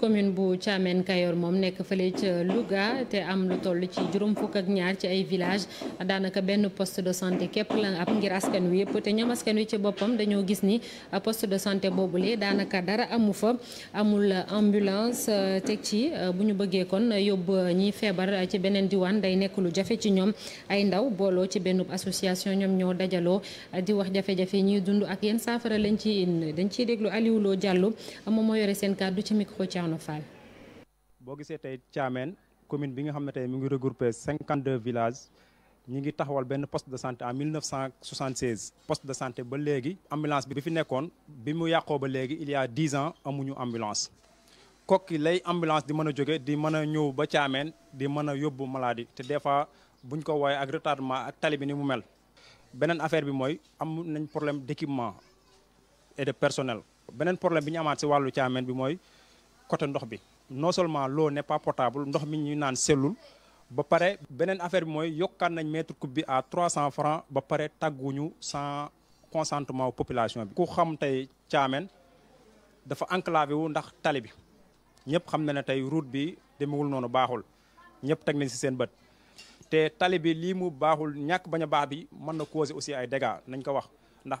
commune bu Thiamène Kayor moom nekk fële ca Louga te am lu toll ci juróom fukk ak ñaar ci ay village daanaka benn poste de santé képp la ab ngir askan wi yëpp te ñoom askan wi ci boppam dañoo gis ni poste de santé boobu boobule daanaka dara amu fa amul ambulance euh, teg ci euh, bu ñu bëggee kon yóbbu ñi feebar ci beneen diwaan day nekk lu jafe ci ñoom ay ndaw booloo ci benn association ñoom ñoo dajaloo di wax jafe-jafe ñuy dund ak yenn saafara lañ ci dañ ciy déglu Aliou Lo Diallo ko Thierno Fall. boo gisee tey Thiamène commune bi nga xam ne tey ngi 52 villages ñi ngi taxawal benn poste de santé en 1976 poste de santé ba léegi ambulance bi fi nekkoon bi mu yàqoo ba il y a 10 ans amuñu ambulance. kokki lay ambulance di mën a jóge di mëna ñëw ba caameen di mëna yobbu maladie té des fois buñ ko wooyee ak retardement ak tali bi ni mu mel. benen affaire bi moy am nañ problème d'équipement et de personnel. benen problème bi ñu amat ci walu caameen bi moy côté ndox bi non seulement l'eau n'est pas potable ndox mi ñu naan selul ba paré benen affaire moy yokkan nañ mètre cube bi à 300 francs ba paré taguñu sans consentement population bi. ku xam tay Thiamène dafa enclavé wu ndax tali bi ñëpp xam na tay route bi demewul nonu baxul ñëpp teg nañ ci seen bët té tali bi li mu baxul ñak baña a baax bi man na causer aussi ay dégâts nañ ko wax ndax.